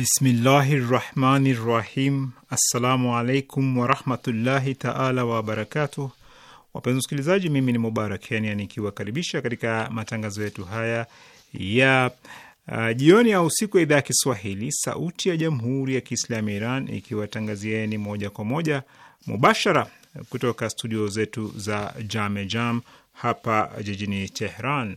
Bismillahi rahmani rahim. Assalamu alaikum warahmatullahi taala wabarakatuh. Wapenzi wasikilizaji, mimi ni Mubarak yani nikiwakaribisha katika matangazo yetu haya ya uh, jioni au usiku ya idhaa ya Kiswahili sauti ya jamhuri ya Kiislamu ya Iran ikiwatangazieni moja kwa moja mubashara kutoka studio zetu za Jame Jam hapa jijini Tehran.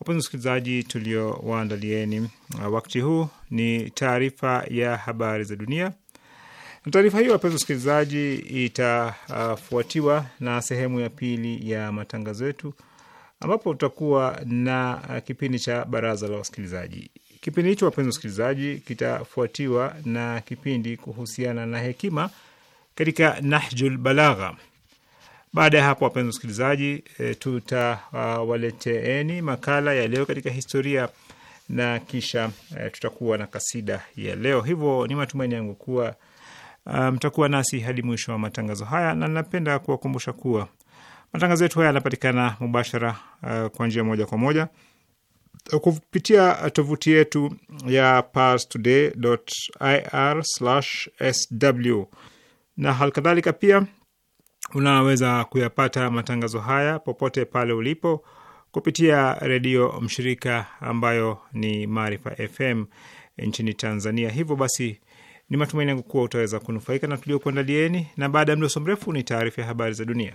Wapenzi wasikilizaji, tuliowaandalieni uh, wakati huu ni taarifa ya habari za dunia, na taarifa hiyo, wapenzi wasikilizaji, itafuatiwa na sehemu ya pili ya matangazo yetu ambapo tutakuwa na kipindi cha baraza la wasikilizaji. Kipindi hicho, wapenzi wasikilizaji, kitafuatiwa na kipindi kuhusiana na hekima katika Nahjul Balagha. Baada ya hapo, wapenzi wasikilizaji, e, tutawaleteni makala ya leo katika historia na kisha eh, tutakuwa na kasida ya leo. Hivyo ni matumaini yangu kuwa ah, mtakuwa um, nasi hadi mwisho wa matangazo haya, na napenda kuwakumbusha kuwa matangazo yetu haya yanapatikana mubashara uh, kwa njia moja kwa moja eh, kupitia tovuti yetu ya parstoday.ir/sw na halikadhalika pia unaweza kuyapata matangazo haya popote pale ulipo kupitia redio mshirika ambayo ni Maarifa FM nchini Tanzania. Hivyo basi ni matumaini yangu kuwa utaweza kunufaika na tuliokuandalieni, na baada ya mdoso mrefu ni taarifa ya habari za dunia.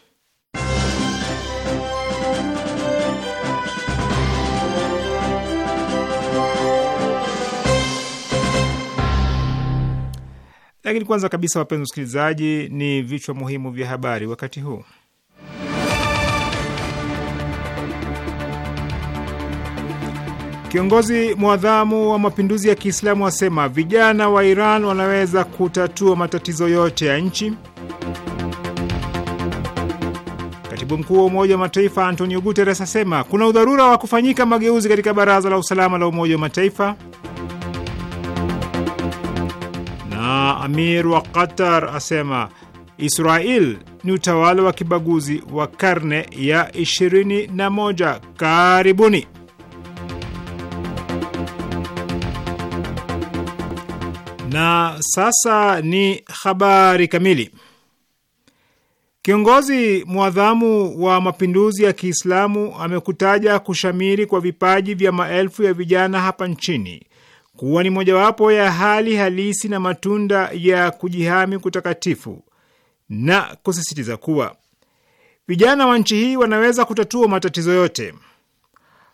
Lakini kwanza kabisa, wapenzi wasikilizaji, ni vichwa muhimu vya habari wakati huu. Kiongozi mwadhamu wa mapinduzi ya Kiislamu asema vijana wa Iran wanaweza kutatua matatizo yote ya nchi. Katibu mkuu wa Umoja wa Mataifa Antonio Guterres asema kuna udharura wa kufanyika mageuzi katika Baraza la Usalama la Umoja wa Mataifa. Amir wa Qatar asema Israel ni utawala wa kibaguzi wa karne ya 21. Karibuni. Na sasa ni habari kamili. Kiongozi mwadhamu wa mapinduzi ya Kiislamu amekutaja kushamiri kwa vipaji vya maelfu ya vijana hapa nchini kuwa ni mojawapo ya hali halisi na matunda ya kujihami kutakatifu na kusisitiza kuwa vijana wa nchi hii wanaweza kutatua matatizo yote.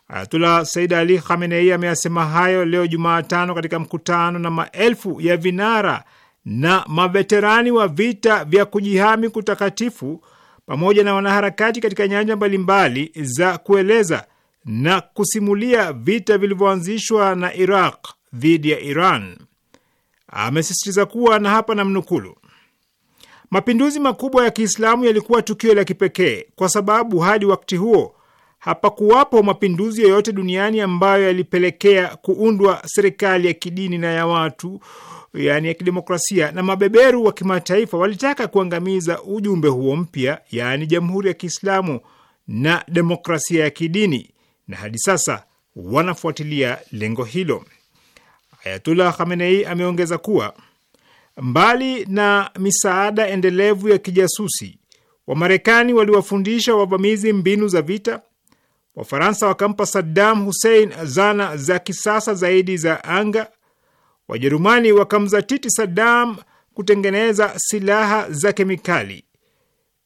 Ayatullah Said Ali Khamenei ameyasema hayo leo Jumatano katika mkutano na maelfu ya vinara na maveterani wa vita vya kujihami kutakatifu pamoja na wanaharakati katika nyanja mbalimbali za kueleza na kusimulia vita vilivyoanzishwa na Iraq dhidi ya Iran amesisitiza kuwa na hapa namnukulu, mapinduzi makubwa ya Kiislamu yalikuwa tukio la kipekee kwa sababu hadi wakati huo hapakuwapo mapinduzi yoyote duniani ambayo yalipelekea kuundwa serikali ya kidini na ya watu, yani ya kidemokrasia, na mabeberu wa kimataifa walitaka kuangamiza ujumbe huo mpya, yani jamhuri ya Kiislamu na demokrasia ya kidini, na hadi sasa wanafuatilia lengo hilo. Ayatullah Khamenei ameongeza kuwa mbali na misaada endelevu ya kijasusi, Wamarekani waliwafundisha wavamizi mbinu za vita. Wafaransa wakampa Saddam Hussein zana za kisasa zaidi za anga. Wajerumani wakamzatiti Saddam kutengeneza silaha za kemikali.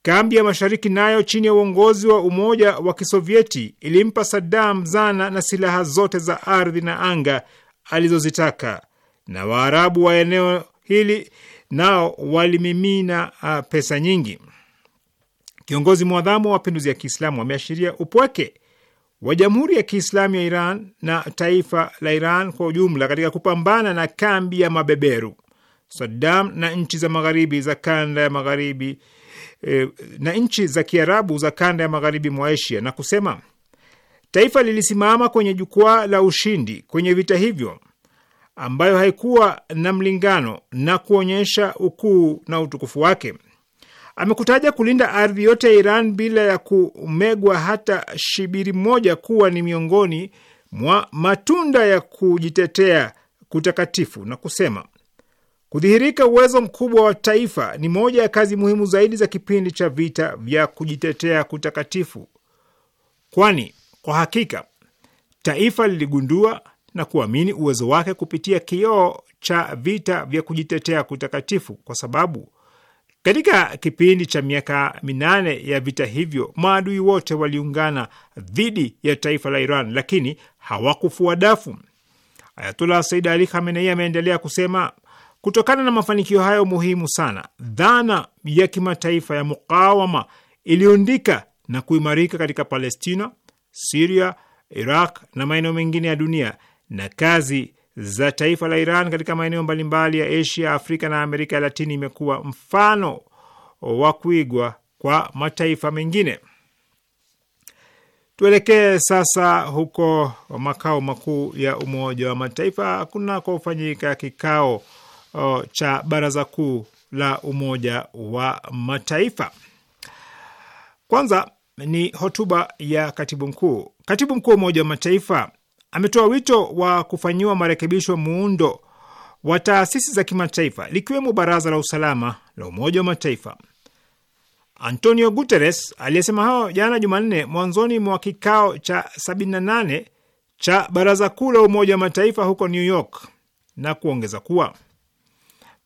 Kambi ya mashariki nayo chini ya uongozi wa Umoja wa Kisovyeti ilimpa Saddam zana na silaha zote za ardhi na anga alizozitaka, na Waarabu wa eneo hili nao walimimina ah, pesa nyingi. Kiongozi mwadhamu wa mapinduzi ya Kiislamu ameashiria upweke wa Jamhuri ya Kiislamu ya Iran na taifa la Iran kwa ujumla katika kupambana na kambi ya mabeberu Saddam na nchi za magharibi za kanda ya magharibi eh, na nchi za Kiarabu za kanda ya magharibi mwa Asia na kusema Taifa lilisimama kwenye jukwaa la ushindi kwenye vita hivyo ambayo haikuwa na mlingano na kuonyesha ukuu na utukufu wake. Amekutaja kulinda ardhi yote ya Iran bila ya kumegwa hata shibiri moja kuwa ni miongoni mwa matunda ya kujitetea kutakatifu na kusema kudhihirika uwezo mkubwa wa taifa ni moja ya kazi muhimu zaidi za kipindi cha vita vya kujitetea kutakatifu, kwani kwa hakika taifa liligundua na kuamini uwezo wake kupitia kioo cha vita vya kujitetea kutakatifu, kwa sababu katika kipindi cha miaka minane ya vita hivyo maadui wote waliungana dhidi ya taifa la Iran, lakini hawakufua dafu. Ayatullah Said Ali Khamenei ameendelea kusema, kutokana na mafanikio hayo muhimu sana, dhana ya kimataifa ya mukawama iliundika na kuimarika katika Palestina Siria, Iraq na maeneo mengine ya dunia na kazi za taifa la Iran katika maeneo mbalimbali ya Asia, Afrika na Amerika ya Latini imekuwa mfano wa kuigwa kwa mataifa mengine. Tuelekee sasa huko makao makuu ya Umoja wa Mataifa kunakofanyika kikao o, cha Baraza Kuu la Umoja wa Mataifa. Kwanza ni hotuba ya katibu mkuu. Katibu mkuu wa Umoja wa Mataifa ametoa wito wa kufanyiwa marekebisho muundo wa taasisi za kimataifa likiwemo Baraza la Usalama la Umoja wa Mataifa. Antonio Guterres aliyesema hayo jana Jumanne mwanzoni mwa kikao cha 78 cha Baraza Kuu la Umoja wa Mataifa huko New York na kuongeza kuwa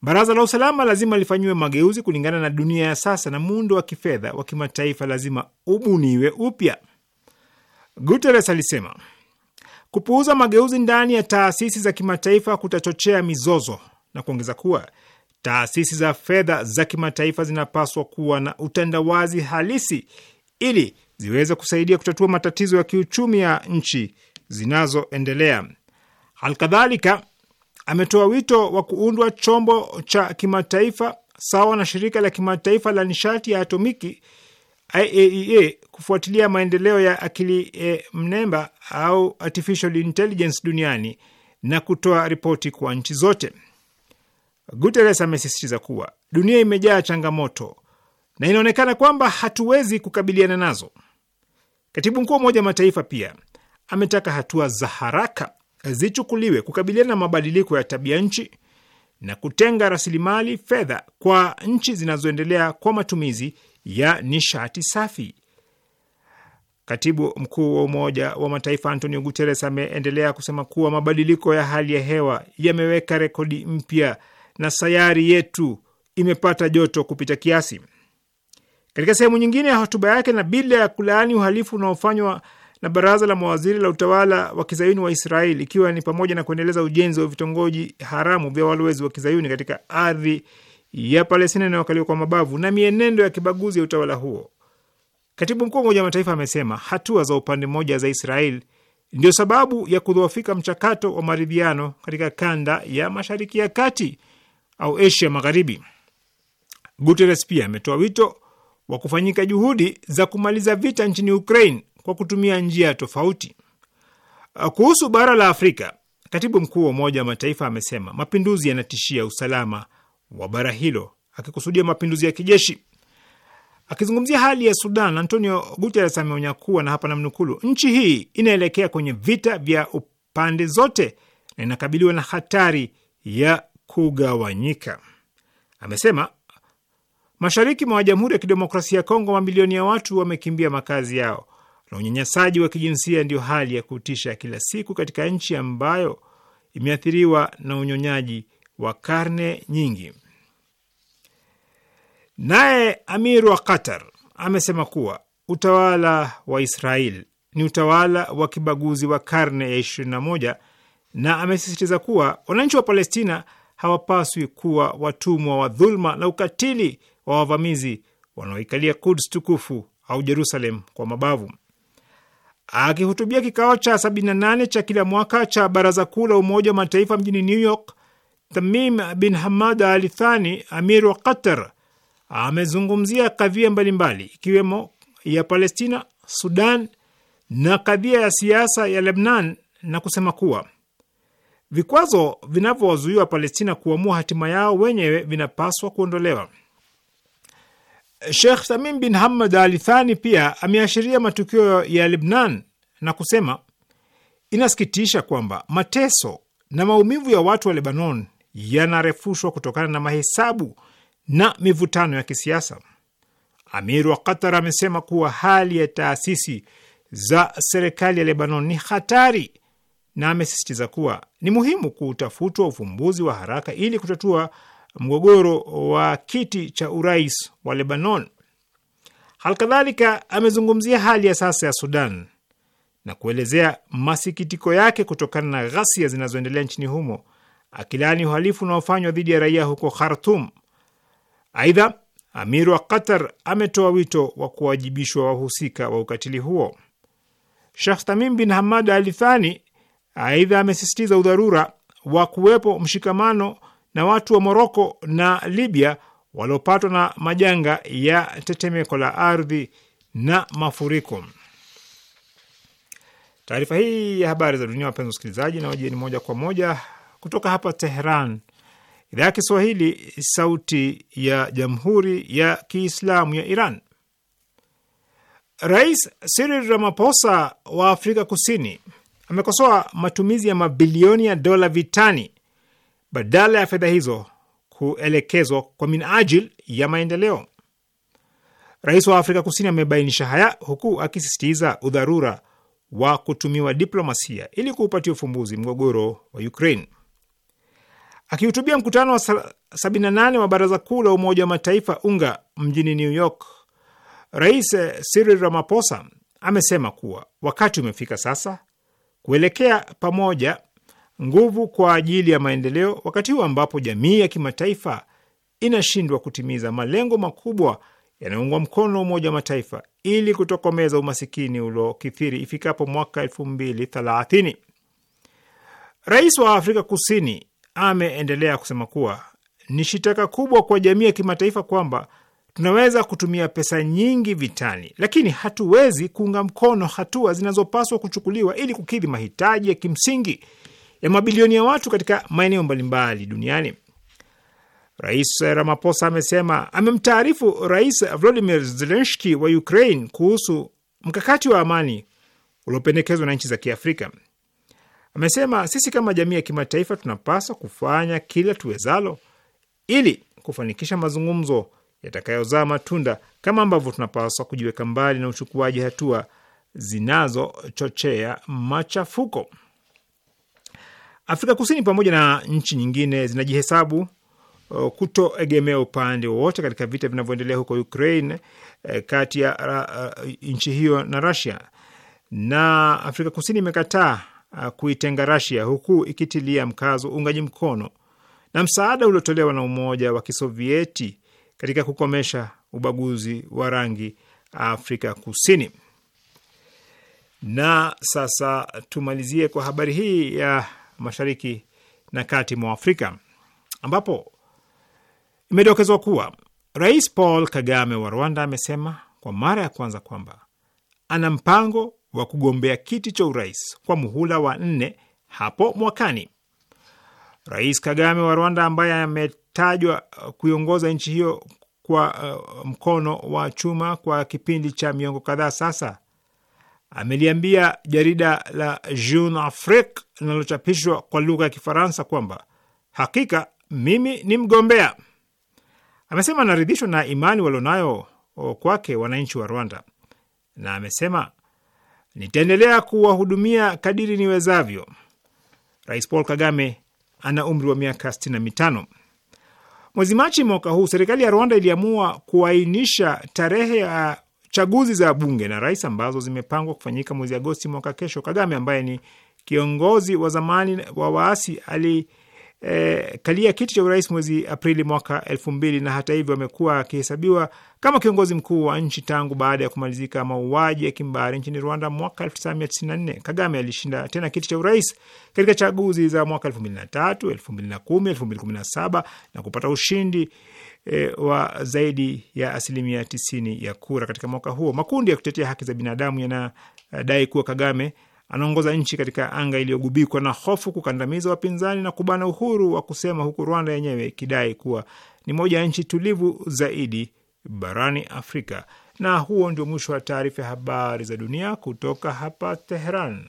Baraza la usalama lazima lifanyiwe mageuzi kulingana na dunia ya sasa na muundo wa kifedha wa kimataifa lazima ubuniwe upya. Guterres alisema kupuuza mageuzi ndani ya taasisi za kimataifa kutachochea mizozo na kuongeza kuwa taasisi za fedha za kimataifa zinapaswa kuwa na utandawazi halisi ili ziweze kusaidia kutatua matatizo ya kiuchumi ya nchi zinazoendelea. Halikadhalika, ametoa wito wa kuundwa chombo cha kimataifa sawa na shirika la kimataifa la nishati ya atomiki IAEA e kufuatilia maendeleo ya akili e, mnemba au artificial intelligence duniani na kutoa ripoti kwa nchi zote. Guterres amesisitiza kuwa dunia imejaa changamoto na inaonekana kwamba hatuwezi kukabiliana nazo. Katibu mkuu wa Umoja wa Mataifa pia ametaka hatua za haraka zichukuliwe kukabiliana na mabadiliko ya tabia nchi na kutenga rasilimali fedha kwa nchi zinazoendelea kwa matumizi ya nishati safi. Katibu mkuu wa Umoja wa Mataifa Antonio Guterres ameendelea kusema kuwa mabadiliko ya hali ya hewa yameweka rekodi mpya na sayari yetu imepata joto kupita kiasi. Katika sehemu nyingine ya hotuba yake, na bila ya kulaani uhalifu unaofanywa na baraza la mawaziri la utawala wa kizayuni wa Israeli, ikiwa ni pamoja na kuendeleza ujenzi wa vitongoji haramu vya walowezi wa kizayuni katika ardhi ya Palestina inayokaliwa kwa mabavu na mienendo ya kibaguzi ya utawala huo. Katibu mkuu wa Umoja wa Mataifa amesema hatua za upande mmoja za Israeli ndio sababu ya kudhoofika mchakato wa maridhiano katika kanda ya Mashariki ya Kati au Asia Magharibi. Guterres pia ametoa wito wa kufanyika juhudi za kumaliza vita nchini Ukraine kwa kutumia njia tofauti. Uh, kuhusu bara la Afrika, katibu mkuu wa Umoja wa Mataifa amesema mapinduzi yanatishia usalama wa bara hilo, akikusudia mapinduzi ya kijeshi. Akizungumzia hali ya Sudan, Antonio Guterres ameonya kuwa, na hapa namnukulu, nchi hii inaelekea kwenye vita vya upande zote na inakabiliwa na hatari ya kugawanyika. Amesema mashariki mwa Jamhuri ya Kidemokrasia ya Kongo, mamilioni ya watu wamekimbia makazi yao na unyanyasaji wa kijinsia ndiyo hali ya kutisha kila siku katika nchi ambayo imeathiriwa na unyonyaji wa karne nyingi. Naye Amir wa Qatar amesema kuwa utawala wa Israel ni utawala wa kibaguzi wa karne ya 21 na amesisitiza kuwa wananchi wa Palestina hawapaswi kuwa watumwa wa dhuluma na ukatili wa wavamizi wanaoikalia Kuds tukufu au Jerusalem kwa mabavu. Akihutubia kikao cha 78 cha kila mwaka cha Baraza Kuu la Umoja wa Mataifa mjini New York, Tamim bin Hamad Al Thani, amir wa Qatar, amezungumzia kadhia mbalimbali ikiwemo ya Palestina, Sudan na kadhia ya siasa ya Lebnan na kusema kuwa vikwazo vinavyowazuia Palestina kuamua hatima yao wenyewe vinapaswa kuondolewa. Shekh Samim bin Hamad Al Thani pia ameashiria matukio ya Lebnan na kusema inasikitisha kwamba mateso na maumivu ya watu wa Lebanon yanarefushwa kutokana na mahesabu na mivutano ya kisiasa. Amir wa Qatar amesema kuwa hali ya taasisi za serikali ya Lebanon ni hatari na amesisitiza kuwa ni muhimu kutafutwa ufumbuzi wa haraka ili kutatua mgogoro wa kiti cha urais wa Lebanon. Halikadhalika amezungumzia hali ya sasa ya Sudan na kuelezea masikitiko yake kutokana na ghasia zinazoendelea nchini humo, akilaani uhalifu unaofanywa dhidi ya raia huko Khartum. Aidha, Amir wa Qatar ametoa wito wa kuwajibishwa wahusika wa ukatili huo. shekh Tamim bin Hamad Al Thani aidha amesisitiza udharura wa kuwepo mshikamano na watu wa Moroko na Libya waliopatwa na majanga ya tetemeko la ardhi na mafuriko. Taarifa hii ya habari za dunia, wapenzi wasikilizaji, na wajieni moja kwa moja kutoka hapa Tehran, idhaa ya Kiswahili, sauti ya jamhuri ya kiislamu ya Iran. Rais Cyril Ramaphosa wa Afrika Kusini amekosoa matumizi ya mabilioni ya dola vitani badala ya fedha hizo kuelekezwa kwa minajili ya maendeleo. Rais wa Afrika Kusini amebainisha haya huku akisisitiza udharura wa kutumiwa diplomasia ili kuupatia ufumbuzi mgogoro wa Ukraine. Akihutubia mkutano wa 78 wa Baraza Kuu la Umoja wa Mataifa UNGA mjini New York, Rais eh, Cyril Ramaphosa amesema kuwa wakati umefika sasa kuelekea pamoja nguvu kwa ajili ya maendeleo, wakati huu ambapo jamii ya kimataifa inashindwa kutimiza malengo makubwa yanayoungwa mkono Umoja wa Mataifa ili kutokomeza umasikini uliokithiri ifikapo mwaka elfu mbili thelathini. Rais wa Afrika Kusini ameendelea kusema kuwa ni shitaka kubwa kwa jamii ya kimataifa kwamba tunaweza kutumia pesa nyingi vitani, lakini hatuwezi kuunga mkono hatua zinazopaswa kuchukuliwa ili kukidhi mahitaji ya kimsingi ya mabilioni ya watu katika maeneo mbalimbali duniani. Rais Ramaphosa amesema amemtaarifu Rais Volodymyr Zelensky wa Ukraine kuhusu mkakati wa amani uliopendekezwa na nchi za Kiafrika. Amesema sisi kama jamii ya kimataifa tunapaswa kufanya kila tuwezalo ili kufanikisha mazungumzo yatakayozaa matunda, kama ambavyo tunapaswa kujiweka mbali na uchukuaji hatua zinazochochea machafuko. Afrika Kusini pamoja na nchi nyingine zinajihesabu uh, kutoegemea upande wowote katika vita vinavyoendelea huko Ukraine eh, kati ya uh, uh, nchi hiyo na Russia, na Afrika Kusini imekataa kuitenga Russia huku ikitilia mkazo uungaji mkono na msaada uliotolewa na Umoja wa Kisovieti katika kukomesha ubaguzi wa rangi Afrika Kusini. Na sasa tumalizie kwa habari hii ya mashariki na kati mwa Afrika, ambapo imedokezwa kuwa Rais Paul Kagame wa Rwanda amesema kwa mara ya kwanza kwamba ana mpango wa kugombea kiti cha urais kwa muhula wa nne hapo mwakani. Rais Kagame wa Rwanda ambaye ametajwa kuiongoza nchi hiyo kwa uh, mkono wa chuma kwa kipindi cha miongo kadhaa sasa ameliambia jarida la Jeune Afrique linalochapishwa kwa lugha ya Kifaransa kwamba hakika mimi ni mgombea. Amesema anaridhishwa na imani walionayo kwake wananchi wa Rwanda, na amesema nitaendelea kuwahudumia kadiri niwezavyo. Rais Paul Kagame ana umri wa miaka 65. Mwezi Machi mwaka huu serikali ya Rwanda iliamua kuainisha tarehe ya chaguzi za bunge na rais ambazo zimepangwa kufanyika mwezi Agosti mwaka kesho, Kagame ambaye ni kiongozi wa zamani wa waasi ali E, kalia kiti cha urais mwezi Aprili mwaka elfu mbili na hata hivyo amekuwa akihesabiwa kama kiongozi mkuu wa nchi tangu baada ya kumalizika mauaji ya kimbari nchini Rwanda mwaka 1994. Kagame alishinda tena kiti cha urais katika chaguzi za mwaka 2003, 2010, 2017 na kupata ushindi e, wa zaidi ya asilimia tisini ya kura katika mwaka huo. Makundi ya kutetea haki za binadamu yanadai kuwa Kagame anaongoza nchi katika anga iliyogubikwa na hofu, kukandamiza wapinzani na kubana uhuru wa kusema, huku Rwanda yenyewe ikidai kuwa ni moja ya nchi tulivu zaidi barani Afrika. Na huo ndio mwisho wa taarifa ya habari za dunia kutoka hapa Teheran.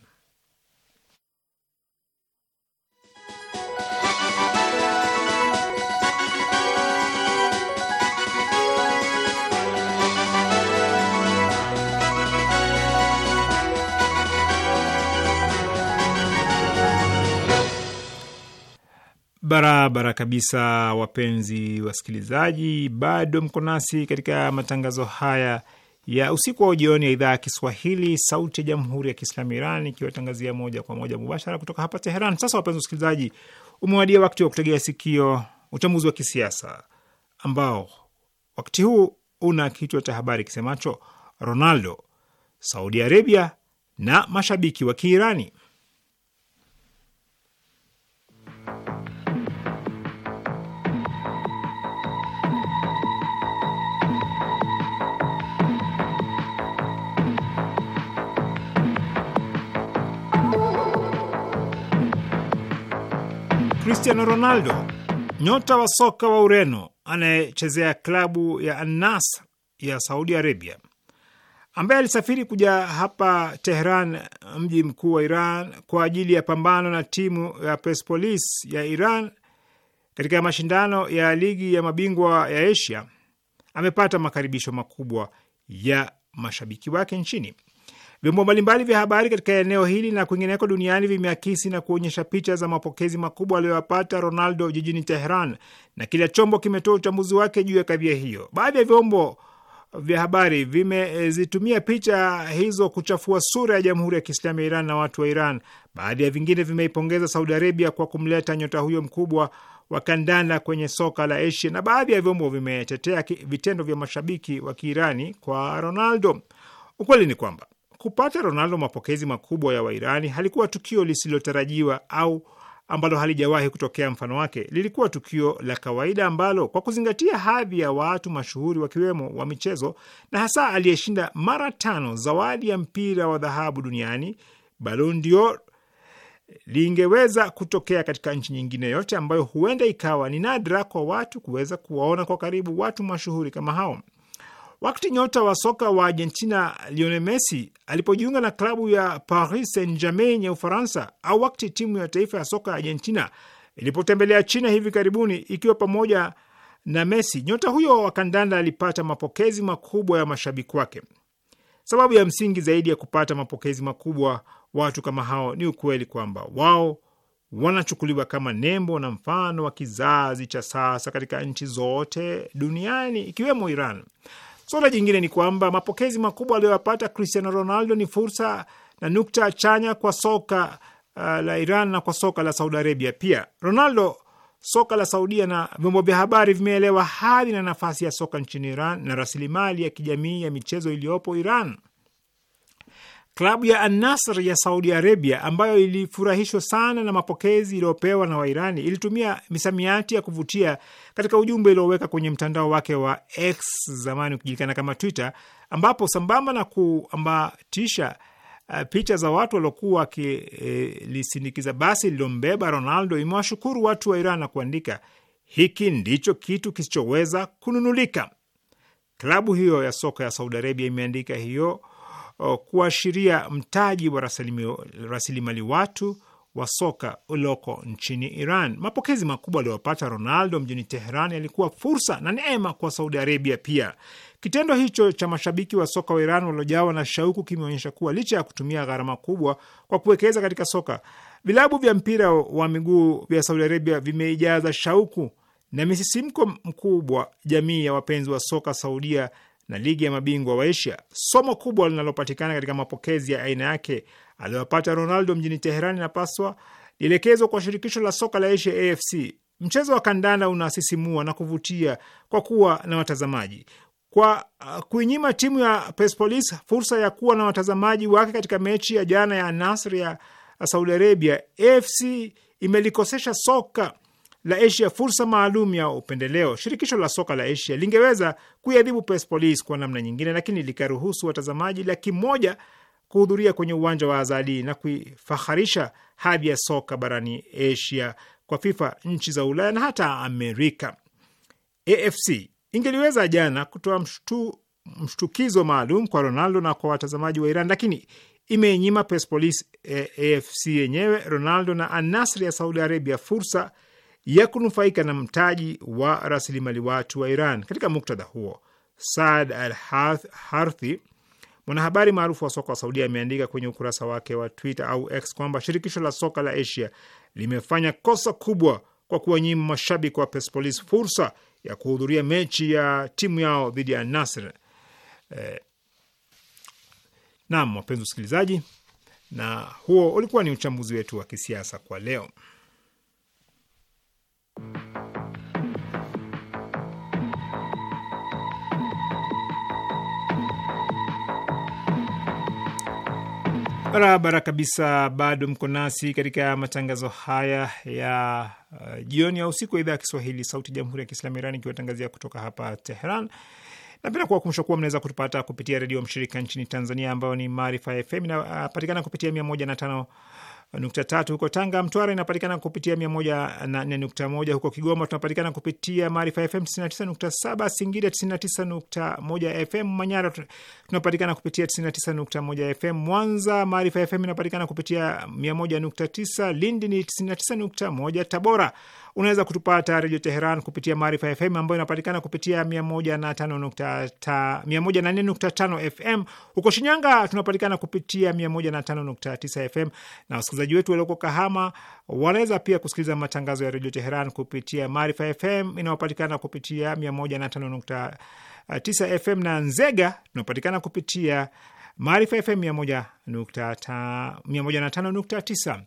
Barabara kabisa, wapenzi wasikilizaji, bado mko nasi katika matangazo haya ya usiku wa jioni ya idhaa ya Kiswahili sauti ya jamhuri ya Kiislamu Iran ikiwatangazia moja kwa moja mubashara kutoka hapa Teheran. Sasa wapenzi wasikilizaji, umewadia wakati wa kutegea sikio uchambuzi wa kisiasa ambao wakati huu una kichwa cha habari kisemacho Ronaldo, Saudi Arabia na mashabiki wa Kiirani. Cristiano Ronaldo, nyota wa soka wa Ureno anayechezea klabu ya al ya Saudi Arabia, ambaye alisafiri kuja hapa Tehran, mji mkuu wa Iran, kwa ajili ya pambano na timu ya Persepolis ya Iran katika mashindano ya ligi ya mabingwa ya Asia, amepata makaribisho makubwa ya mashabiki wake nchini. Vyombo mbalimbali vya habari katika eneo hili na kwingineko duniani vimeakisi na kuonyesha picha za mapokezi makubwa aliyoyapata Ronaldo jijini Tehran, na kila chombo kimetoa uchambuzi wake juu ya kadhia hiyo. Baadhi ya vyombo vya habari vimezitumia picha hizo kuchafua sura ya Jamhuri ya Kiislamu ya Iran na watu wa Iran. Baadhi ya vingine vimeipongeza Saudi Arabia kwa kumleta nyota huyo mkubwa wa kandanda kwenye soka la Asia, na baadhi ya vyombo vimetetea vitendo vya mashabiki wa Kiirani kwa Ronaldo. Ukweli ni kwamba Kupata Ronaldo mapokezi makubwa ya Wairani halikuwa tukio lisilotarajiwa au ambalo halijawahi kutokea mfano wake. Lilikuwa tukio la kawaida ambalo, kwa kuzingatia hadhi ya watu mashuhuri wakiwemo wa michezo na hasa aliyeshinda mara tano zawadi ya mpira wa dhahabu duniani Ballon d'Or, lingeweza kutokea katika nchi nyingine yote ambayo huenda ikawa ni nadra kwa watu kuweza kuwaona kwa karibu watu mashuhuri kama hao. Wakati nyota wa soka wa Argentina Lionel Messi alipojiunga na klabu ya Paris Saint Germain ya Ufaransa, au wakati timu ya taifa ya soka ya Argentina ilipotembelea China hivi karibuni ikiwa pamoja na Messi, nyota huyo wa kandanda alipata mapokezi makubwa ya mashabiki wake. Sababu ya msingi zaidi ya kupata mapokezi makubwa watu kama hao ni ukweli kwamba wao wanachukuliwa kama nembo na mfano wa kizazi cha sasa katika nchi zote duniani ikiwemo Iran. Suala jingine ni kwamba mapokezi makubwa aliyoyapata Cristiano Ronaldo ni fursa na nukta chanya kwa soka uh, la Iran na kwa soka la Saudi Arabia pia. Ronaldo, soka la Saudia na vyombo vya habari vimeelewa hadhi na nafasi ya soka nchini Iran na rasilimali ya kijamii ya michezo iliyopo Iran. Klabu ya Anasr ya Saudi Arabia ambayo ilifurahishwa sana na mapokezi iliyopewa na Wairani ilitumia misamiati ya kuvutia katika ujumbe ulioweka kwenye mtandao wake wa X, zamani ukijulikana kama Twitter, ambapo sambamba na kuambatisha uh, picha za watu waliokuwa wakilisindikiza uh, eh, basi lilombeba Ronaldo, imewashukuru watu wa Iran na kuandika, hiki ndicho kitu kisichoweza kununulika. Klabu hiyo ya soka ya Saudi Arabia imeandika hiyo Uh, kuashiria mtaji wa rasilimali watu wa soka ulioko nchini Iran. Mapokezi makubwa aliyopata Ronaldo mjini Teheran yalikuwa fursa na neema kwa Saudi Arabia pia. Kitendo hicho cha mashabiki wa soka wa Iran waliojawa na shauku kimeonyesha kuwa licha ya kutumia gharama kubwa kwa kuwekeza katika soka, vilabu vya mpira wa miguu vya Saudi Arabia vimeijaza shauku na misisimko mkubwa jamii ya wapenzi wa soka Saudia na ligi ya mabingwa wa Asia. Somo kubwa linalopatikana katika mapokezi ya aina yake aliyopata Ronaldo mjini Teherani inapaswa lielekezwa kwa shirikisho la soka la Asia, AFC. Mchezo wa kandanda unasisimua na kuvutia kwa kuwa na watazamaji. Kwa uh, kuinyima timu ya Persepolis fursa ya kuwa na watazamaji wake katika mechi ya jana ya Al ya Saudi Arabia, AFC imelikosesha soka la Asia fursa maalum ya upendeleo. Shirikisho la soka la Asia lingeweza kuiadhibu Persepolis kwa namna nyingine, lakini likaruhusu watazamaji laki moja kuhudhuria kwenye uwanja wa Azadi na kuifaharisha hadhi ya soka barani Asia kwa FIFA, nchi za Ulaya na hata Amerika. AFC ingeliweza jana kutoa mshtu, mshtukizo maalum kwa Ronaldo na kwa watazamaji wa Iran, lakini imeinyima Persepolis, eh, AFC yenyewe, Ronaldo na anasri ya Saudi Arabia fursa ya kunufaika na mtaji wa rasilimali watu wa Iran. Katika muktadha huo, Saad Al Harthi, mwanahabari maarufu wa soka wa Saudia, ameandika kwenye ukurasa wake wa Twitter au X kwamba shirikisho la soka la Asia limefanya kosa kubwa kwa kuwanyima mashabiki wa Persepolis fursa ya kuhudhuria mechi ya timu yao dhidi ya Nasr. Eh, naam, wapenzi wasikilizaji, na huo ulikuwa ni uchambuzi wetu wa kisiasa kwa leo. Barabara kabisa, bado mko nasi katika matangazo haya ya uh, jioni au usiku wa idhaa ya Kiswahili sauti ya jamhuri ya Kiislamu Iran ikiwatangazia kutoka hapa Teheran. Napenda kuwakumbusha kuwa mnaweza kutupata kupitia redio mshirika nchini Tanzania ambayo ni Maarifa FM, inapatikana kupitia mia moja na tano nukta tatu huko Tanga. Mtwara inapatikana kupitia mia moja na nne nukta moja huko Kigoma tunapatikana kupitia Maarifa FM tisini na tisa nukta saba Singida tisini na tisa nukta moja FM Manyara tunapatikana kupitia tisini na tisa nukta moja FM Mwanza Maarifa FM inapatikana kupitia mia moja nukta tisa Lindi ni tisini na tisa nukta moja Tabora unaweza kutupata Redio Teheran kupitia Maarifa FM ambayo inapatikana kupitia mia FM huko Shinyanga tunapatikana kupitia mia FM na Wasikilizaji wetu walioko Kahama wanaweza pia kusikiliza matangazo ya redio Teheran kupitia Maarifa FM inayopatikana kupitia 105.9 FM na Nzega inayopatikana kupitia Maarifa FM 105.9.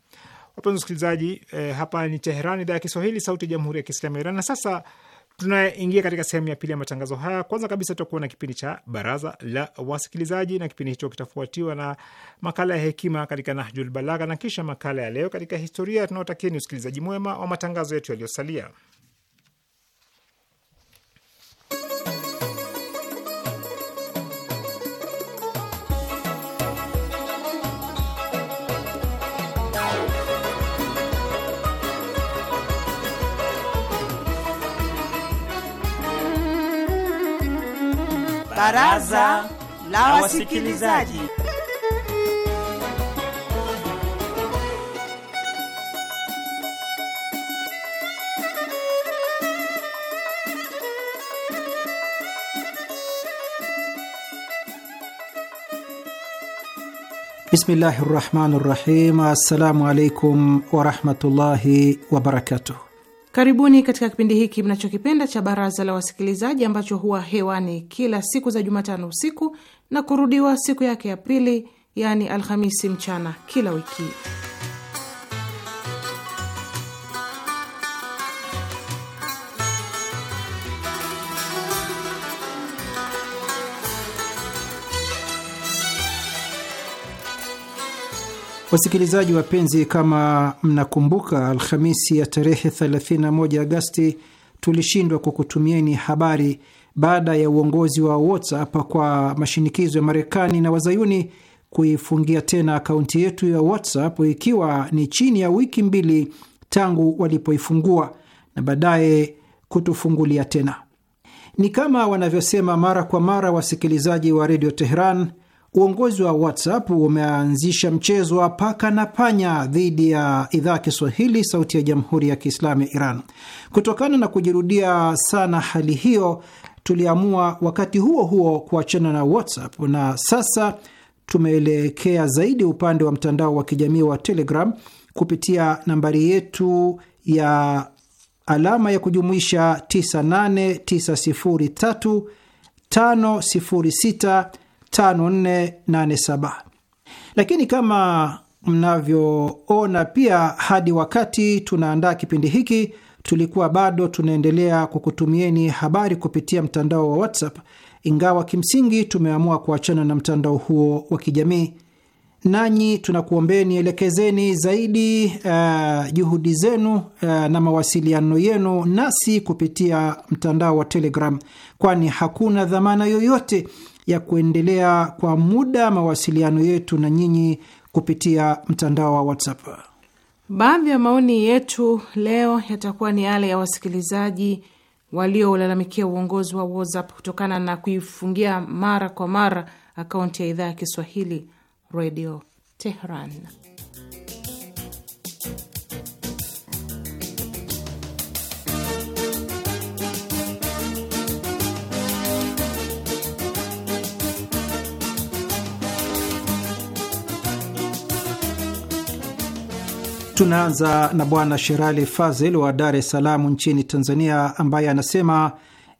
Wapenzi wasikilizaji, eh, hapa ni Teheran, idhaa ya Kiswahili, sauti ya jamhuri ya kiislamu ya Iran. Na sasa Tunaingia katika sehemu ya pili ya matangazo haya. Kwanza kabisa tutakuwa na kipindi cha baraza la wasikilizaji, na kipindi hicho kitafuatiwa na makala ya hekima katika Nahjul Balagha na kisha makala ya leo katika historia. tunaotakia ni usikilizaji mwema wa matangazo yetu yaliyosalia. Baraza la Wasikilizaji. Bismillahi rahmani rahim. Assalamu alaikum warahmatullahi wabarakatuh. Karibuni katika kipindi hiki mnachokipenda cha Baraza la Wasikilizaji, ambacho huwa hewani kila siku za Jumatano usiku na kurudiwa siku yake ya pili, yaani Alhamisi mchana kila wiki. Wasikilizaji wapenzi, kama mnakumbuka, Alhamisi ya tarehe 31 Agasti tulishindwa kukutumieni habari baada ya uongozi wa WhatsApp kwa mashinikizo ya Marekani na Wazayuni kuifungia tena akaunti yetu ya WhatsApp ikiwa ni chini ya wiki mbili tangu walipoifungua na baadaye kutufungulia tena. Ni kama wanavyosema mara kwa mara wasikilizaji wa redio Teheran Uongozi wa WhatsApp umeanzisha mchezo wa paka na panya dhidi ya idhaa ya Kiswahili sauti ya jamhuri ya kiislamu ya Iran. Kutokana na kujirudia sana hali hiyo, tuliamua wakati huo huo kuachana na WhatsApp na sasa tumeelekea zaidi upande wa mtandao wa kijamii wa Telegram kupitia nambari yetu ya alama ya kujumuisha 98903506 5487. Lakini kama mnavyoona pia, hadi wakati tunaandaa kipindi hiki tulikuwa bado tunaendelea kukutumieni habari kupitia mtandao wa WhatsApp, ingawa kimsingi tumeamua kuachana na mtandao huo wa kijamii. Nanyi tunakuombeni elekezeni zaidi uh, juhudi zenu uh, na mawasiliano yenu nasi kupitia mtandao wa Telegram, kwani hakuna dhamana yoyote ya kuendelea kwa muda mawasiliano yetu na nyinyi kupitia mtandao wa WhatsApp. Baadhi ya maoni yetu leo yatakuwa ni yale ya wasikilizaji waliolalamikia uongozi wa WhatsApp kutokana na kuifungia mara kwa mara akaunti ya idhaa ya Kiswahili Radio Tehran. Tunaanza na Bwana Sherali fazel wa Dar es Salaam nchini Tanzania, ambaye anasema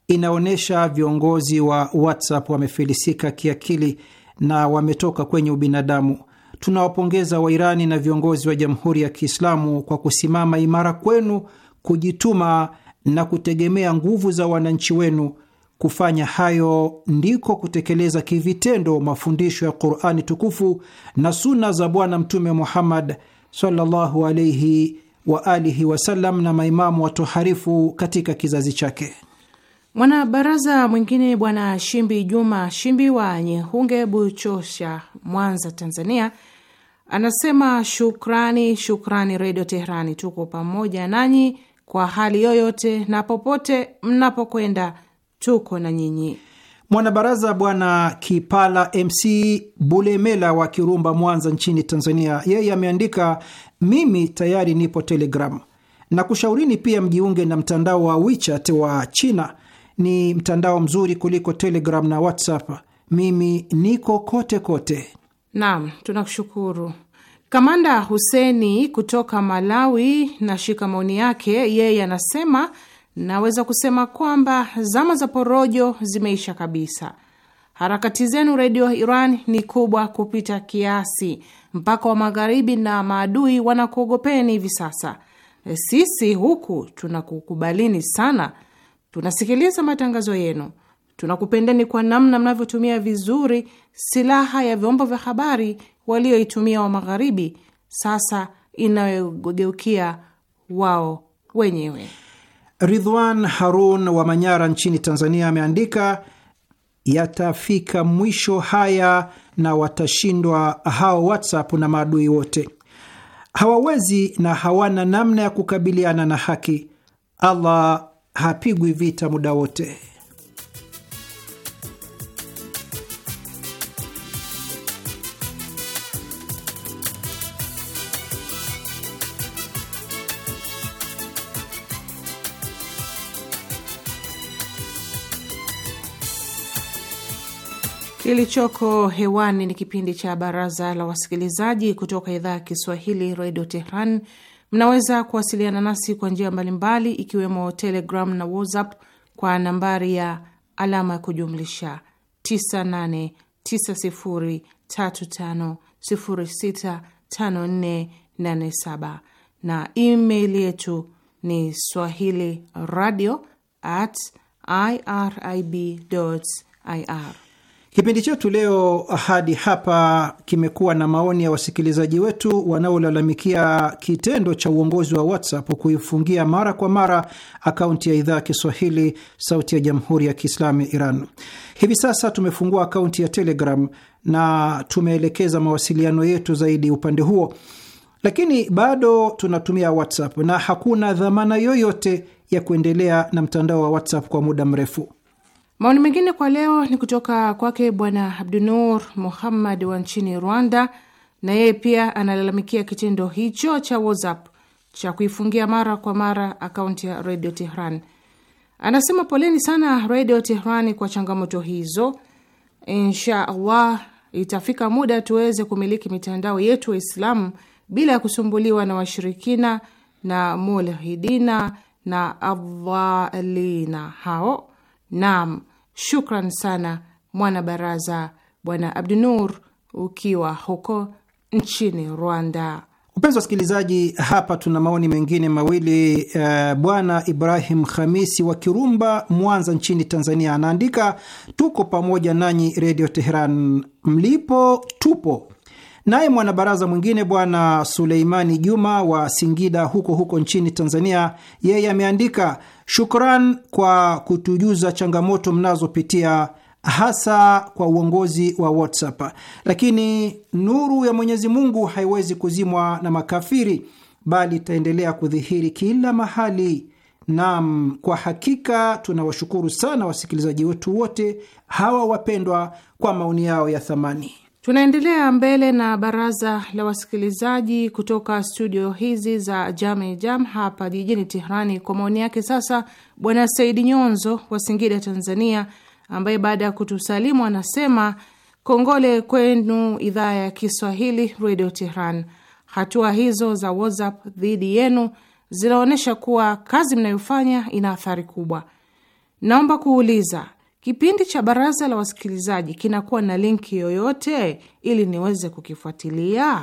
inaonyesha viongozi wa WhatsApp wamefilisika kiakili na wametoka kwenye ubinadamu. Tunawapongeza Wairani na viongozi wa Jamhuri ya Kiislamu kwa kusimama imara kwenu, kujituma na kutegemea nguvu za wananchi wenu. Kufanya hayo ndiko kutekeleza kivitendo mafundisho ya Qurani tukufu na suna za Bwana Mtume Muhammad sallallahu alaihi wa alihi wasallam na maimamu watoharifu katika kizazi chake. Mwanabaraza mwingine Bwana Shimbi Juma Shimbi wa Nyehunge, Buchosha, Mwanza, Tanzania, anasema shukrani, shukrani Redio Teherani, tuko pamoja nanyi kwa hali yoyote na popote mnapokwenda, tuko na nyinyi. Mwanabaraza Bwana Kipala MC Bulemela wa Kirumba, Mwanza nchini Tanzania, yeye ameandika, mimi tayari nipo Telegram na kushaurini pia mjiunge na mtandao wa WeChat wa China. Ni mtandao mzuri kuliko Telegram na WhatsApp. Mimi niko kote kote. Naam, tunakushukuru Kamanda Huseni kutoka Malawi. Nashika maoni yake, yeye anasema naweza kusema kwamba zama za porojo zimeisha kabisa. Harakati zenu Redio Iran ni kubwa kupita kiasi, mpaka wa magharibi na maadui wanakuogopeni hivi sasa. Sisi huku tunakukubalini sana, tunasikiliza matangazo yenu, tunakupendeni kwa namna mnavyotumia vizuri silaha ya vyombo vya habari walioitumia wa magharibi, sasa inayogeukia wao wenyewe ridwan Harun wa Manyara nchini Tanzania ameandika yatafika mwisho haya na watashindwa hao WhatsApp na maadui wote, hawawezi na hawana namna ya kukabiliana na haki. Allah hapigwi vita muda wote. Kilichoko hewani ni kipindi cha Baraza la Wasikilizaji kutoka idhaa ya Kiswahili Redio Tehran. Mnaweza kuwasiliana nasi kwa njia mbalimbali, ikiwemo Telegram na WhatsApp kwa nambari ya alama ya kujumlisha 989035065487 na email yetu ni swahili radio at irib ir Kipindi chetu leo hadi hapa kimekuwa na maoni ya wasikilizaji wetu wanaolalamikia kitendo cha uongozi wa WhatsApp kuifungia mara kwa mara akaunti ya idhaa ya Kiswahili Sauti ya Jamhuri ya Kiislamu ya Iran. Hivi sasa tumefungua akaunti ya Telegram na tumeelekeza mawasiliano yetu zaidi upande huo, lakini bado tunatumia WhatsApp na hakuna dhamana yoyote ya kuendelea na mtandao wa WhatsApp kwa muda mrefu. Maoni mengine kwa leo ni kutoka kwake Bwana Abdunur Muhammad wa nchini Rwanda, na yeye pia analalamikia kitendo hicho cha WhatsApp cha kuifungia mara kwa mara akaunti ya Radio Tehran. Anasema poleni sana Radio Tehran kwa changamoto hizo. Insha Allah itafika muda tuweze kumiliki mitandao yetu Waislamu bila ya kusumbuliwa na washirikina na mulhidina na adhalina hao. Naam, Shukran sana mwana baraza Bwana Abdunur ukiwa huko nchini Rwanda. Mpenzi wasikilizaji, hapa tuna maoni mengine mawili. Uh, bwana Ibrahim Khamisi wa Kirumba, Mwanza nchini Tanzania anaandika, tuko pamoja nanyi Redio Teheran, mlipo tupo Naye mwanabaraza mwingine Bwana Suleimani Juma wa Singida, huko huko nchini Tanzania, yeye ameandika shukran kwa kutujuza changamoto mnazopitia hasa kwa uongozi wa WhatsApp, lakini nuru ya Mwenyezi Mungu haiwezi kuzimwa na makafiri, bali itaendelea kudhihiri kila mahali. Naam, kwa hakika tunawashukuru sana wasikilizaji wetu wote hawa wapendwa kwa maoni yao ya thamani. Tunaendelea mbele na baraza la wasikilizaji kutoka studio hizi za Jame Jam hapa jijini Tehrani. Kwa maoni yake sasa, Bwana Saidi Nyonzo wa Singida, Tanzania, ambaye baada ya kutusalimu anasema kongole kwenu idhaa ya Kiswahili Radio Tehran. Hatua hizo za WhatsApp dhidi yenu zinaonyesha kuwa kazi mnayofanya ina athari kubwa. Naomba kuuliza, Kipindi cha Baraza la Wasikilizaji kinakuwa na linki yoyote ili niweze kukifuatilia?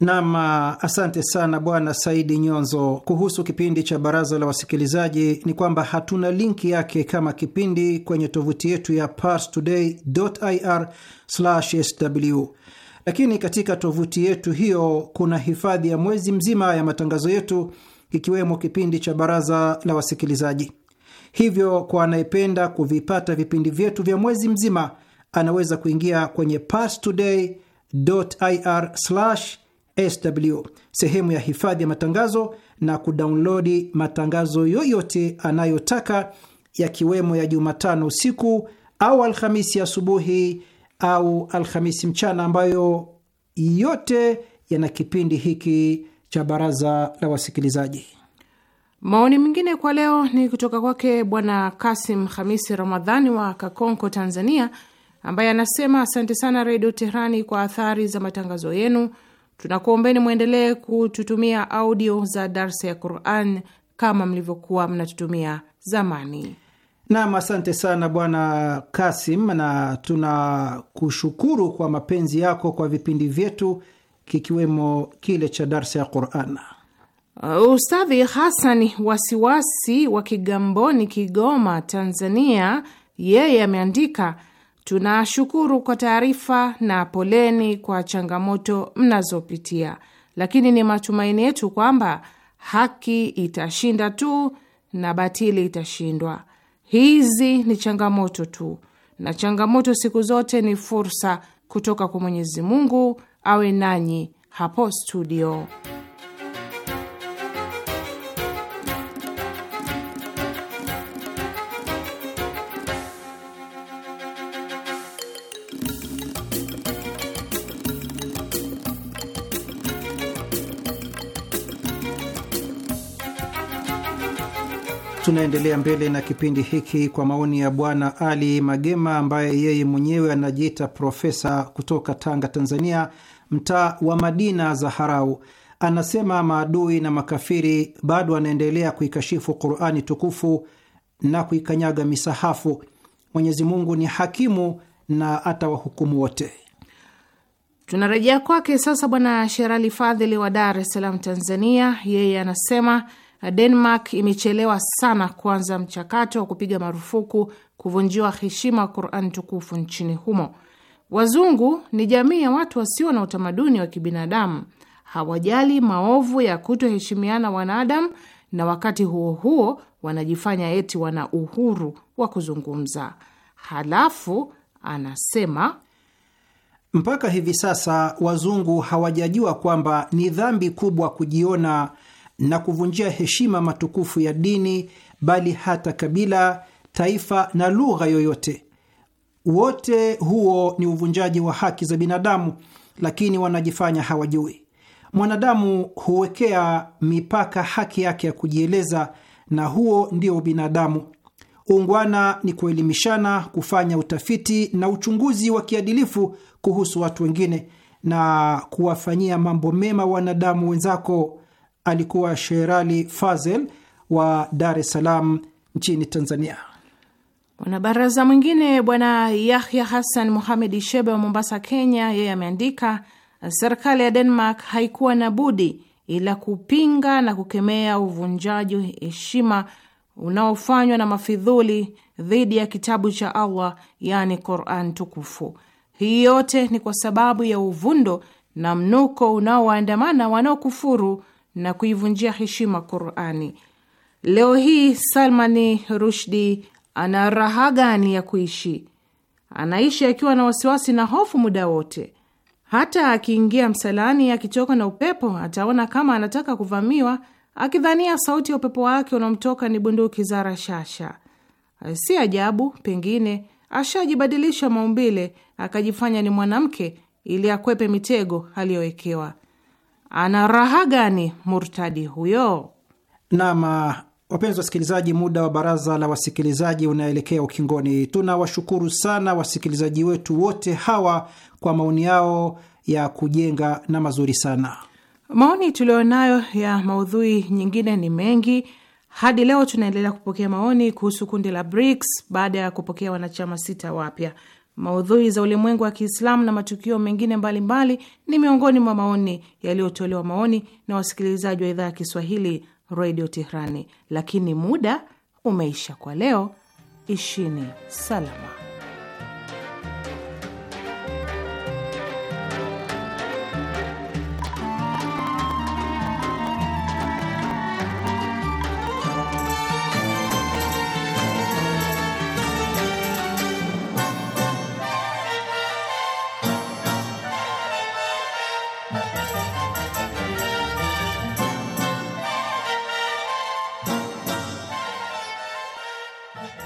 Nam, ah, asante sana Bwana Saidi Nyonzo. Kuhusu kipindi cha baraza la wasikilizaji ni kwamba hatuna linki yake kama kipindi kwenye tovuti yetu ya parstoday.ir/sw, lakini katika tovuti yetu hiyo kuna hifadhi ya mwezi mzima ya matangazo yetu, ikiwemo kipindi cha baraza la wasikilizaji. Hivyo, kwa anayependa kuvipata vipindi vyetu vya mwezi mzima anaweza kuingia kwenye parstoday.ir/sw sehemu ya hifadhi ya matangazo na kudaunlodi matangazo yoyote anayotaka yakiwemo ya Jumatano usiku au Alhamisi asubuhi au Alhamisi mchana ambayo yote yana kipindi hiki cha Baraza la Wasikilizaji. Maoni mengine kwa leo ni kutoka kwake Bwana Kasim Hamisi Ramadhani wa Kakonko, Tanzania, ambaye anasema asante sana Redio Teherani kwa athari za matangazo yenu. Tunakuombeni mwendelee kututumia audio za darsa ya Quran kama mlivyokuwa mnatutumia zamani. Nam, asante sana Bwana Kasim, na tunakushukuru kwa mapenzi yako kwa vipindi vyetu, kikiwemo kile cha darsa ya Quran. Uh, Ustadhi Hasani Wasiwasi wa Kigamboni, Kigoma, Tanzania, yeye ameandika tunashukuru kwa taarifa na poleni kwa changamoto mnazopitia, lakini ni matumaini yetu kwamba haki itashinda tu na batili itashindwa. Hizi ni changamoto tu, na changamoto siku zote ni fursa kutoka kwa Mwenyezi Mungu. Awe nanyi hapo studio. Tunaendelea mbele na kipindi hiki kwa maoni ya Bwana Ali Magema ambaye yeye mwenyewe anajiita profesa kutoka Tanga, Tanzania, mtaa wa Madina Zaharau. Anasema maadui na makafiri bado anaendelea kuikashifu Qurani tukufu na kuikanyaga misahafu. Mwenyezi Mungu ni hakimu na atawahukumu wote. Tunarejea kwake sasa Bwana Sherali Fadhili wa Dar es Salaam, Tanzania. Yeye anasema Uh, Denmark imechelewa sana kuanza mchakato wa kupiga marufuku kuvunjiwa heshima Qur'an tukufu nchini humo. Wazungu ni jamii ya watu wasio na utamaduni wa kibinadamu, hawajali maovu ya kutoheshimiana wanadamu, na wakati huo huo wanajifanya eti wana uhuru wa kuzungumza. Halafu anasema mpaka hivi sasa wazungu hawajajua kwamba ni dhambi kubwa kujiona na kuvunjia heshima matukufu ya dini, bali hata kabila, taifa na lugha yoyote. Wote huo ni uvunjaji wa haki za binadamu, lakini wanajifanya hawajui. Mwanadamu huwekea mipaka haki yake ya kujieleza, na huo ndio binadamu. ungwana ni kuelimishana, kufanya utafiti na uchunguzi wa kiadilifu kuhusu watu wengine na kuwafanyia mambo mema wanadamu wenzako alikuwa Sherali Fazel wa Dar es Salaam nchini Tanzania. Mwanabaraza mwingine Bwana Yahya Hassan Muhamedi Shebe wa Mombasa, Kenya, yeye ameandika serikali ya Denmark haikuwa na budi ila kupinga na kukemea uvunjaji heshima unaofanywa na mafidhuli dhidi ya kitabu cha Allah, yani Quran tukufu. Hii yote ni kwa sababu ya uvundo na mnuko unaowaandamana wanaokufuru na kuivunjia heshima Qurani. Leo hii Salmani Rushdi ana raha gani ya kuishi? Anaishi akiwa na wasiwasi na hofu muda wote. Hata akiingia msalani akichoka na upepo, ataona kama anataka kuvamiwa, akidhania sauti ya upepo wake unaomtoka ni bunduki za rashasha. Si ajabu pengine ashajibadilisha maumbile akajifanya ni mwanamke ili akwepe mitego aliyowekewa ana raha gani murtadi huyo? Naam, ah, wapenzi wasikilizaji, muda wa baraza la wasikilizaji unaelekea ukingoni. Tunawashukuru sana wasikilizaji wetu wote hawa kwa maoni yao ya kujenga na mazuri sana. Maoni tuliyonayo ya maudhui nyingine ni mengi. Hadi leo tunaendelea kupokea maoni kuhusu kundi la BRICS baada ya kupokea wanachama sita wapya maudhui za ulimwengu wa Kiislamu na matukio mengine mbalimbali mbali, ni miongoni mwa maoni yaliyotolewa maoni na wasikilizaji wa idhaa ya Kiswahili Radio Tehrani, lakini muda umeisha kwa leo. Ishini salama.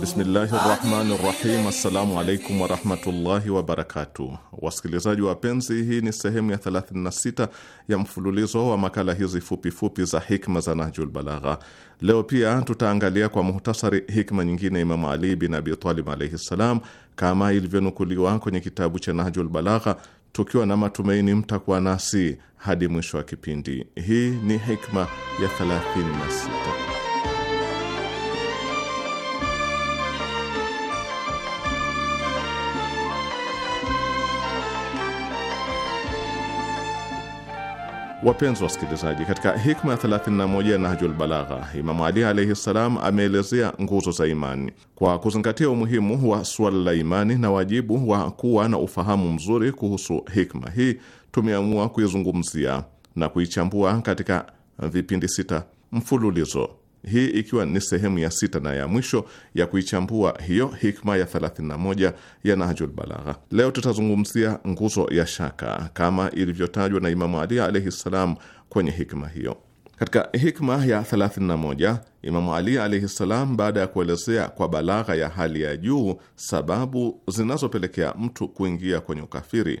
Bismillahi rahmani rahim. Assalamu alaikum warahmatullahi wabarakatu. Wasikilizaji wapenzi, hii ni sehemu ya 36 ya mfululizo wa makala hizi fupifupi fupi za hikma za Nahjul Balagha. Leo pia tutaangalia kwa muhtasari hikma nyingine Imamu Ali bin Abi Talib alaihi ssalam, kama ilivyonukuliwa kwenye kitabu cha Nahjul Balagha, tukiwa na matumaini mtakuwa nasi hadi mwisho wa kipindi. Hii ni hikma ya 36. Wapenzi wasikilizaji, katika hikma ya 31 ya Nahjul Balagha, Imamu Ali alaihi ssalam ameelezea nguzo za imani kwa kuzingatia umuhimu wa suala la imani na wajibu wa kuwa na ufahamu mzuri kuhusu hikma hii. Tumeamua kuizungumzia na kuichambua katika vipindi sita mfululizo hii ikiwa ni sehemu ya sita na ya mwisho ya kuichambua hiyo hikma ya 31 ya Nahjul Balagha. Leo tutazungumzia nguzo ya shaka kama ilivyotajwa na Imamu Ali alaihi ssalam kwenye hikma hiyo. Katika hikma ya 31 Imamu Ali alaihi ssalam, baada ya kuelezea kwa balagha ya hali ya juu sababu zinazopelekea mtu kuingia kwenye ukafiri,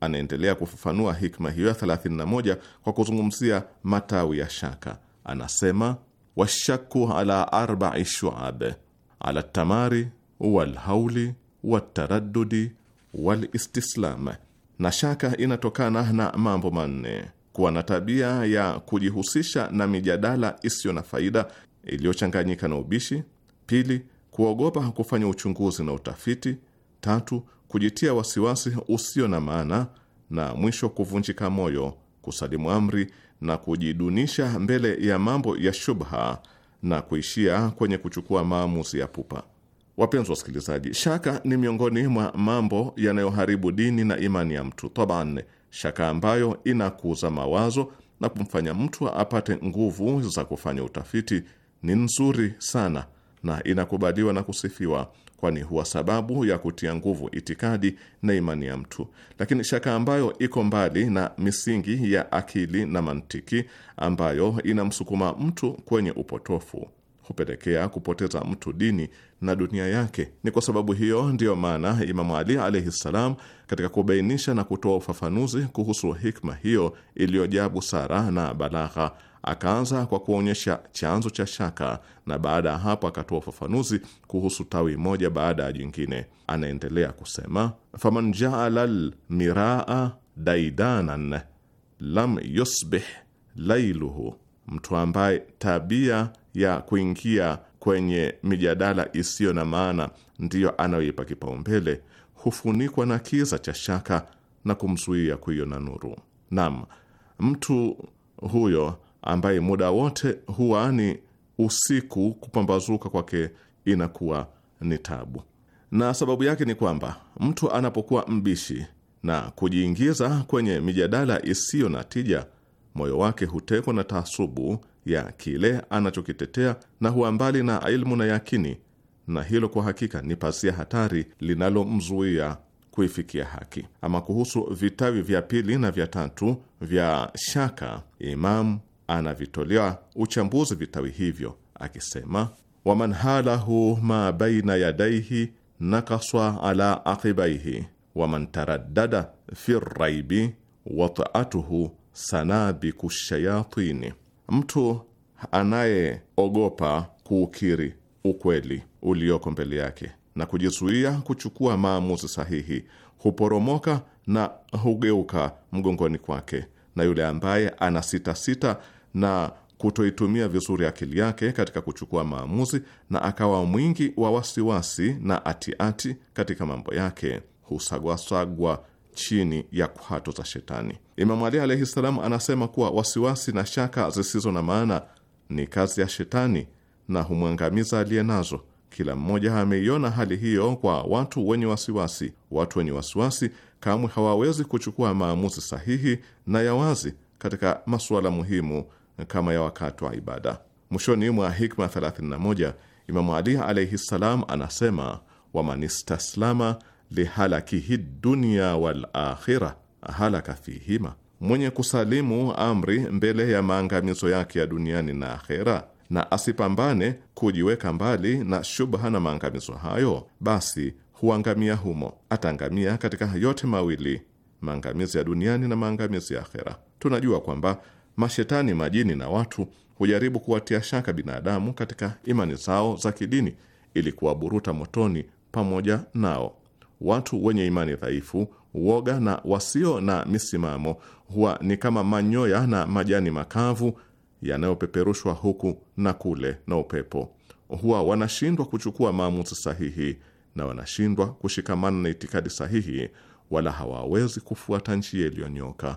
anaendelea kufafanua hikma hiyo ya 31 kwa kuzungumzia matawi ya shaka. Anasema: washaku ala arbai shuab ala tamari walhauli wataradudi walistislam, na shaka inatokana na mambo manne: kuwa na tabia ya kujihusisha na mijadala isiyo na faida iliyochanganyika na ubishi; pili, kuogopa kufanya uchunguzi na utafiti; tatu, kujitia wasiwasi usio na maana; na mwisho kuvunjika moyo, kusalimu amri na kujidunisha mbele ya mambo ya shubha na kuishia kwenye kuchukua maamuzi ya pupa. Wapenzi wasikilizaji, shaka ni miongoni mwa mambo yanayoharibu dini na imani ya mtu taban, shaka ambayo inakuza mawazo na kumfanya mtu apate nguvu za kufanya utafiti ni nzuri sana na inakubaliwa na kusifiwa kwani huwa sababu ya kutia nguvu itikadi na imani ya mtu. Lakini shaka ambayo iko mbali na misingi ya akili na mantiki, ambayo inamsukuma mtu kwenye upotofu, hupelekea kupoteza mtu dini na dunia yake. Ni kwa sababu hiyo ndiyo maana Imamu Ali alaihi ssalam, katika kubainisha na kutoa ufafanuzi kuhusu hikma hiyo iliyojaa busara na balagha Akaanza kwa kuonyesha chanzo cha shaka na baada ya hapo akatoa ufafanuzi kuhusu tawi moja baada ya jingine. Anaendelea kusema, faman jaala lmiraa daidanan lam yusbih lailuhu, mtu ambaye tabia ya kuingia kwenye mijadala isiyo na maana ndiyo anayoipa kipaumbele, hufunikwa na kiza cha shaka na kumzuia kuiona nuru. Nam, mtu huyo ambaye muda wote huwa ni usiku, kupambazuka kwake inakuwa ni tabu. Na sababu yake ni kwamba mtu anapokuwa mbishi na kujiingiza kwenye mijadala isiyo na tija, moyo wake hutekwa na taasubu ya kile anachokitetea na huwa mbali na ilmu na yakini, na hilo kwa hakika ni pasia hatari linalomzuia kuifikia haki. Ama kuhusu vitawi vya pili na vya tatu vya shaka, Imam anavitolea uchambuzi vitawi hivyo akisema wamanhalahu ma baina yadaihi nakaswa ala aqibaihi waman taraddada fi raibi wataatuhu sanabiku shayatini, mtu anayeogopa kuukiri ukweli ulioko mbele yake na kujizuia kuchukua maamuzi sahihi huporomoka na hugeuka mgongoni kwake, na yule ambaye anasitasita na kutoitumia vizuri akili yake katika kuchukua maamuzi na akawa mwingi wa wasiwasi na atiati ati katika mambo yake, husagwasagwa chini ya kwato za Shetani. Imamu Ali alaihi ssalam anasema kuwa wasiwasi na shaka zisizo na maana ni kazi ya Shetani na humwangamiza aliye nazo. Kila mmoja ameiona hali hiyo kwa watu wenye wasiwasi. Watu wenye wasiwasi kamwe hawawezi kuchukua maamuzi sahihi na ya wazi katika masuala muhimu kama ya wakati wa ibada. Mwishoni mwa hikma 31 Imamu Ali alaihi ssalam anasema wamanistaslama lihalakihi dunya wal akhira halaka fihima, mwenye kusalimu amri mbele ya maangamizo yake ya duniani na akhera, na asipambane kujiweka mbali na shubha na maangamizo hayo, basi huangamia humo, ataangamia katika yote mawili, maangamizi ya duniani na maangamizi ya akhera. Tunajua kwamba mashetani majini na watu hujaribu kuwatia shaka binadamu katika imani zao za kidini ili kuwaburuta motoni pamoja nao. Watu wenye imani dhaifu, woga na wasio na misimamo huwa ni kama manyoya na majani makavu yanayopeperushwa huku na kule na upepo. Huwa wanashindwa kuchukua maamuzi sahihi na wanashindwa kushikamana na itikadi sahihi, wala hawawezi kufuata njia iliyonyoka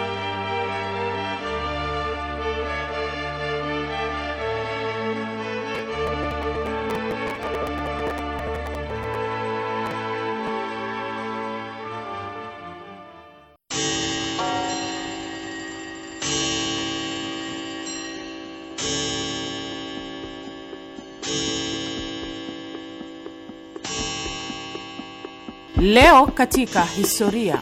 Leo katika historia.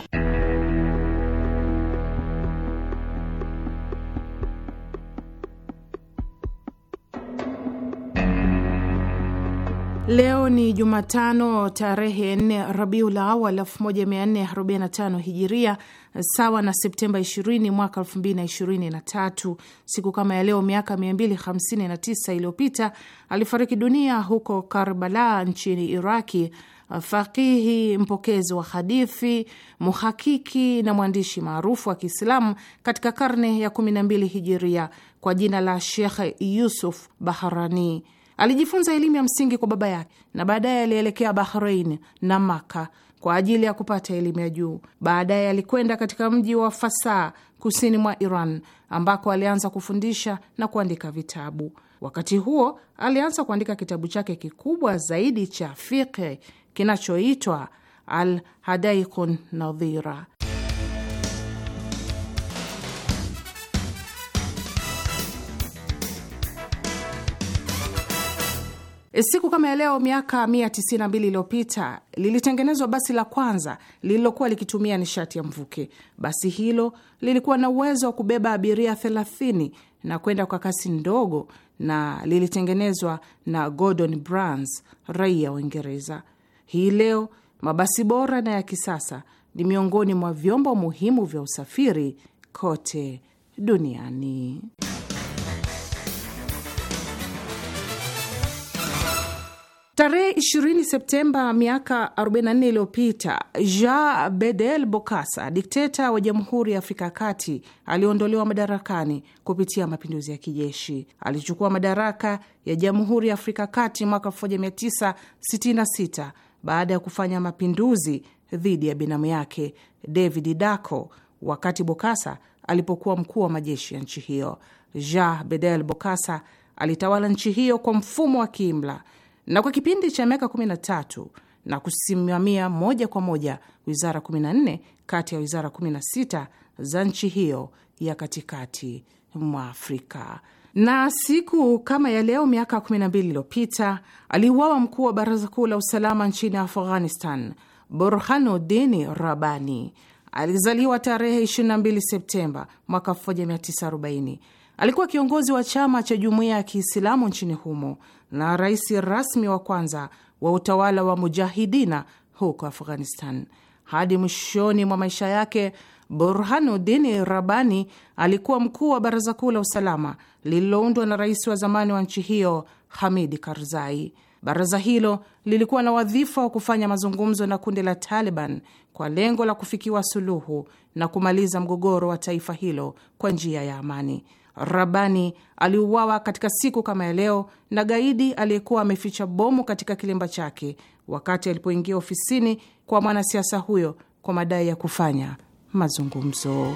Leo ni Jumatano tarehe 4 Rabiul Awal 1445 Hijiria, sawa na Septemba 20 mwaka 2023. Siku kama ya leo miaka 259 iliyopita alifariki dunia huko Karbala nchini Iraki fakihi mpokezi wa hadithi, muhakiki na mwandishi maarufu wa Kiislamu katika karne ya 12 hijiria kwa jina la Shekh Yusuf Baharani. Alijifunza elimu ya msingi kwa baba yake na baadaye alielekea Bahrain na Maka kwa ajili ya kupata elimu ya juu. Baadaye alikwenda katika mji wa Fasaa kusini mwa Iran ambako alianza kufundisha na kuandika vitabu. Wakati huo alianza kuandika kitabu chake kikubwa zaidi cha fiqh kinachoitwa Al Hadaikun Nadhira. Siku kama ya leo miaka 192 iliyopita lilitengenezwa basi la kwanza lililokuwa likitumia nishati ya mvuke. Basi hilo lilikuwa na uwezo wa kubeba abiria 30 na kwenda kwa kasi ndogo, na lilitengenezwa na Gordon Brans, raia wa Uingereza. Hii leo mabasi bora na ya kisasa ni miongoni mwa vyombo muhimu vya usafiri kote duniani. Tarehe 20 Septemba miaka 44 iliyopita Jean Bedel Bokassa, dikteta wa Jamhuri ya Afrika ya Kati, aliondolewa madarakani kupitia mapinduzi ya kijeshi. Alichukua madaraka ya Jamhuri ya Afrika ya Kati mwaka 1966 baada ya kufanya mapinduzi dhidi ya binamu yake David daco wakati bokasa alipokuwa mkuu wa majeshi ya nchi hiyo. Jean Bedel bokasa alitawala nchi hiyo kwa mfumo wa kiimla na kwa kipindi cha miaka 13 na kusimamia moja kwa moja wizara 14 kati ya wizara 16 za nchi hiyo ya katikati mwa Afrika. Na siku kama ya leo miaka 12 iliyopita aliuawa mkuu wa baraza kuu la usalama nchini Afghanistan, Burhanuddin Rabani. Alizaliwa tarehe 22 Septemba mwaka 1940. Alikuwa kiongozi wa chama cha jumuiya ya Kiislamu nchini humo na rais rasmi wa kwanza wa utawala wa mujahidina huko Afghanistan. Hadi mwishoni mwa maisha yake, Burhanuddin Rabani alikuwa mkuu wa baraza kuu la usalama lililoundwa na rais wa zamani wa nchi hiyo Hamidi Karzai. Baraza hilo lilikuwa na wadhifa wa kufanya mazungumzo na kundi la Taliban kwa lengo la kufikiwa suluhu na kumaliza mgogoro wa taifa hilo kwa njia ya amani. Rabani aliuawa katika siku kama ya leo na gaidi aliyekuwa ameficha bomu katika kilemba chake wakati alipoingia ofisini kwa mwanasiasa huyo kwa madai ya kufanya mazungumzo.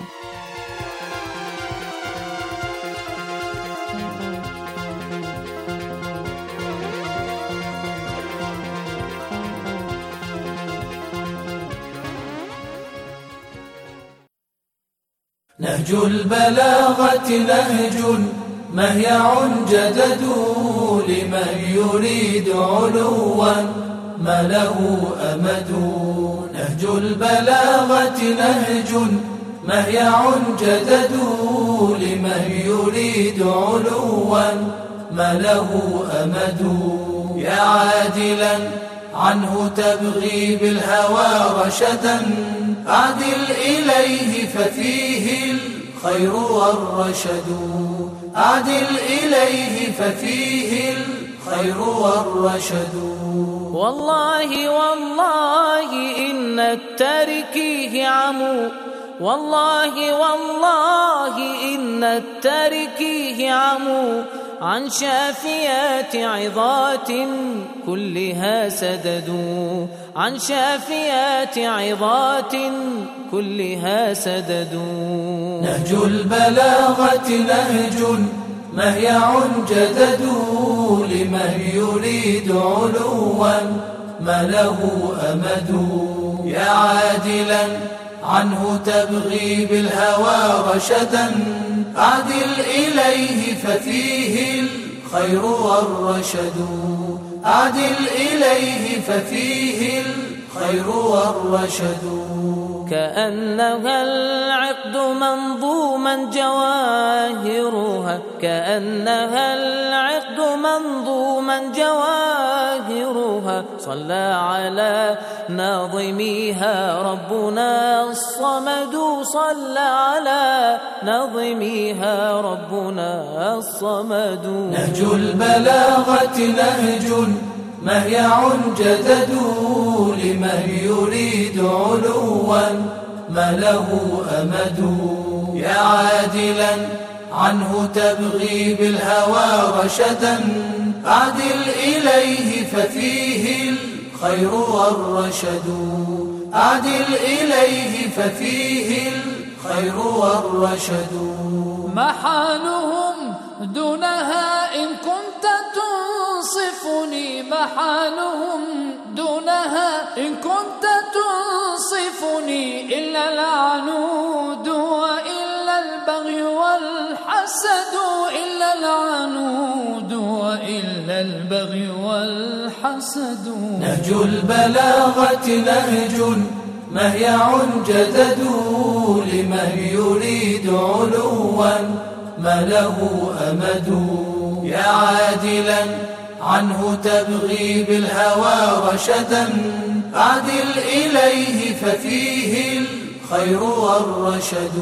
نهج البلاغة نهج مهيع جدد لمن يريد علوا ما له أمد نهج البلاغة نهج مهيع جدد لمن يريد علوا ما له أمد يا عادلا عنه تبغي بالهوى رشدا أعدل إليه ففيه الخير والرشد أعدل إليه ففيه الخير والرشد والله والله إن التاركيه عمو والله والله إن التاركيه عمو عن شافيات عظات كلها سددوا عن شافيات عظات كلها سددوا نهج البلاغة نهج مهيع جدد لمن يريد علوا ما له أمد يا عادلا عنه تبغي بالهوى رشدا عدل إليه ففيه الخير والرشد عدل إليه ففيه الخير والرشد كأنها العقد منظوما جواهرها كأنها العقد منظوما جواهرها صلى على ناظميها ربنا الصمد صلى على ناظميها ربنا الصمد نهج البلاغة نهج مهيع جدد لمن يريد علوا ما له أمد يا عادلا عنه تبغي بالهوى رشدا عدل إليه ففيه الخير والرشد عدل إليه ففيه الخير والرشد محالهم دونها إن كنت تنصفني محالهم دونها إن كنت تنصفني إلا العنود وإلا البغي والحسد إلا العنود وإلا البغي والحسد نهج البلاغة نهج مهيع جدد لمن يريد علوا ما له أمد يا عادلا عنه تبغي بالهوى رشدا أعدل إليه ففيه الخير والرشد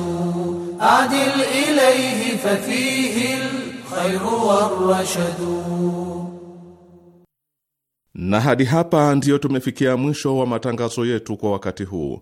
أعدل إليه ففيه الخير والرشد Na hadi hapa ndiyo tumefikia mwisho wa matangazo yetu kwa wakati huu.